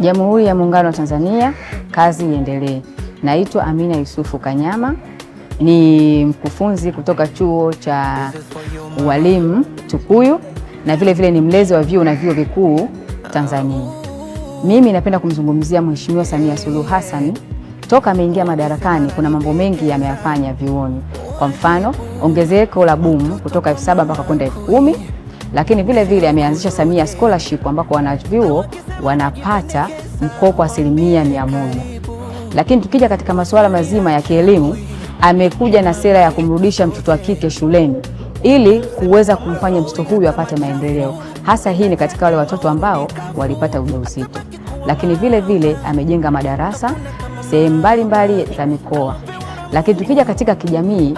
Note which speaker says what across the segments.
Speaker 1: Jamhuri ya Muungano wa Tanzania, kazi iendelee. Naitwa Amina Yusufu Kanyama, ni mkufunzi kutoka chuo cha ualimu Tukuyu na vile vile ni mlezi wa vyuo na vyuo vikuu Tanzania. Mimi napenda kumzungumzia Mheshimiwa Samia Suluhu Hassan. Toka ameingia madarakani, kuna mambo mengi yameyafanya vyuoni, kwa mfano ongezeko la bumu kutoka elfu saba mpaka kwenda elfu kumi lakini vile vile ameanzisha Samia Scholarship ambako wanavyuo wanapata mkopo asilimia mia moja. Lakini tukija katika masuala mazima ya kielimu, amekuja na sera ya kumrudisha mtoto wa kike shuleni ili kuweza kumfanya mtoto huyu apate maendeleo, hasa hii ni katika wale watoto ambao walipata ujauzito. Lakini vile vile amejenga madarasa sehemu mbalimbali za mikoa. Lakini tukija katika kijamii,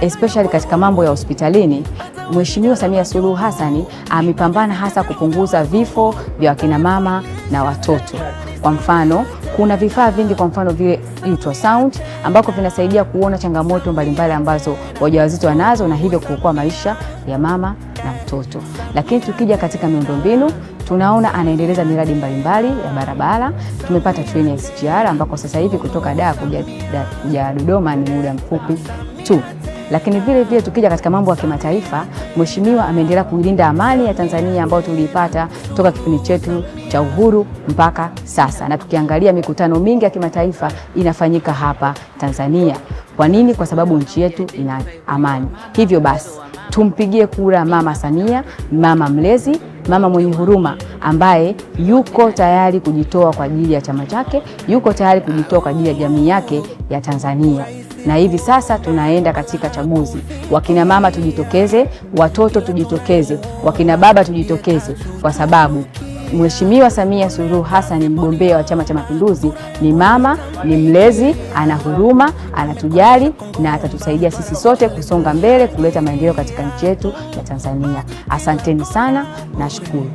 Speaker 1: especially katika mambo ya hospitalini, Mheshimiwa Samia Suluhu Hassan amepambana hasa kupunguza vifo vya wakina mama na watoto. Kwa mfano kuna vifaa vingi, kwa mfano vile ultrasound ambako vinasaidia kuona changamoto mbalimbali ambazo wajawazito wanazo na hivyo kuokoa maisha ya mama na mtoto. Lakini tukija katika miundombinu tunaona anaendeleza miradi mbalimbali ya barabara. Tumepata treni ya SGR ambako sasa hivi kutoka Dar kuja Dodoma ni muda mfupi tu lakini vile vile tukija katika mambo ya kimataifa, mheshimiwa ameendelea kuilinda amani ya Tanzania ambayo tuliipata toka kipindi chetu cha uhuru mpaka sasa, na tukiangalia mikutano mingi ya kimataifa inafanyika hapa Tanzania. Kwa nini? Kwa sababu nchi yetu ina amani. Hivyo basi tumpigie kura Mama Samia, mama mlezi, mama mwenye huruma, ambaye yuko tayari kujitoa kwa ajili ya chama chake, yuko tayari kujitoa kwa ajili ya jamii yake ya Tanzania. Na hivi sasa tunaenda katika chaguzi. Wakina mama tujitokeze, watoto tujitokeze, wakina baba tujitokeze, kwa sababu Mheshimiwa Samia Suluhu Hassan, mgombea wa Chama cha Mapinduzi, ni mama, ni mlezi, ana huruma, anatujali na atatusaidia sisi sote kusonga mbele, kuleta maendeleo katika nchi yetu ya Tanzania. Asanteni sana, nashukuru.